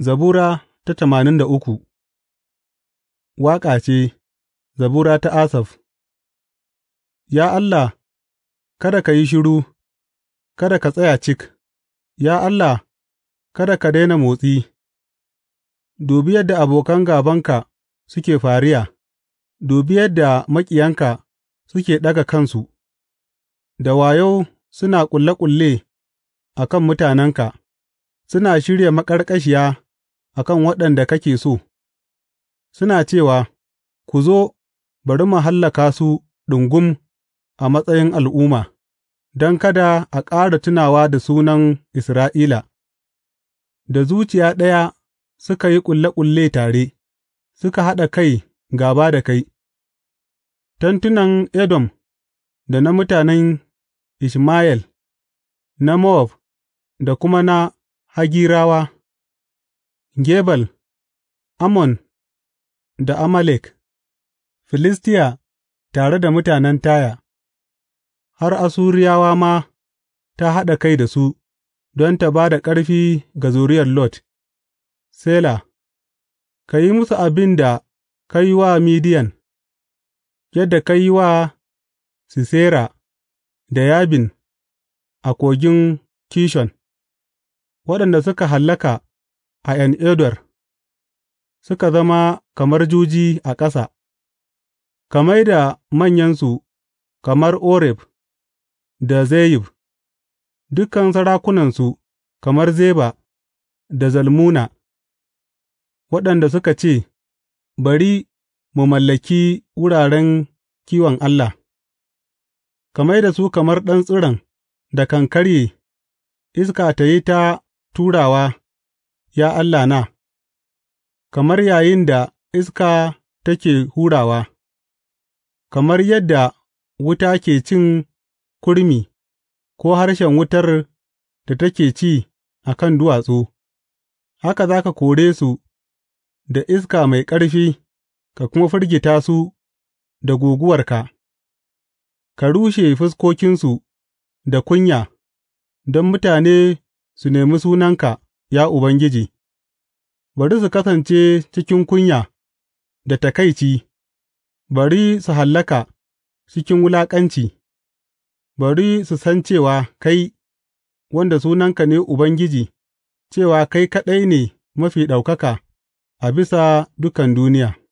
Zabura ta tamanin da uku Waƙa ce, Zabura ta Asaf Ya Allah, kada ka yi shiru, kada ka tsaya cik, ya Allah, kada ka daina motsi, dubi yadda abokan gabanka suke fariya, dubi yadda maƙiyanka suke ɗaga kansu, da wayo suna ƙulle ƙulle a kan mutanenka, suna shirya maƙarƙashiya. a kan waɗanda kake so, suna cewa, Ku zo, bari mu hallaka su ɗungum a matsayin al'umma, don kada a ƙara tunawa da sunan Isra'ila, da zuciya ɗaya suka yi ƙulle ƙulle tare, suka haɗa kai gaba da kai, tantunan Edom da na mutanen Ishmayel, na Mowab da kuma na Hagirawa. Gebal, Ammon da Amalek, Filistiya tare da mutanen Taya, har asuriyawa ma ta haɗa kai da su don ta ba da ƙarfi ga zuriyar Lot, Sela Ka yi musu abin da ka yi wa Midiyan, yadda ka yi wa Sisera da Yabin a Kogin Kishon, waɗanda suka hallaka. a En Edor, suka zama kamar juji a ƙasa; ka mai da manyansu kamar Oreb da Zeyib, dukan sarakunansu kamar Zeba da Zalmuna. waɗanda suka ce, Bari mu mallaki wuraren kiwon Allah; ka mai da su kamar ɗan tsiron da kan karye, iska ta yi ta turawa. ya Allahna, kamar yayinda iska take hurawa, kamar yadda wuta ke cin kurmi ko harshen wutar da take ci a kan duwatsu, haka za ka kore su da iska mai ƙarfi ka kuma firgita su da guguwarka, ka rushe fuskokinsu da kunya don mutane su nemi sunanka. ya Ubangiji, bari su kasance cikin kunya da takaici, bari su hallaka cikin wulaƙanci, bari su san cewa kai, wanda sunanka ne Ubangiji, cewa kai kaɗai ne mafi ɗaukaka a bisa dukan duniya.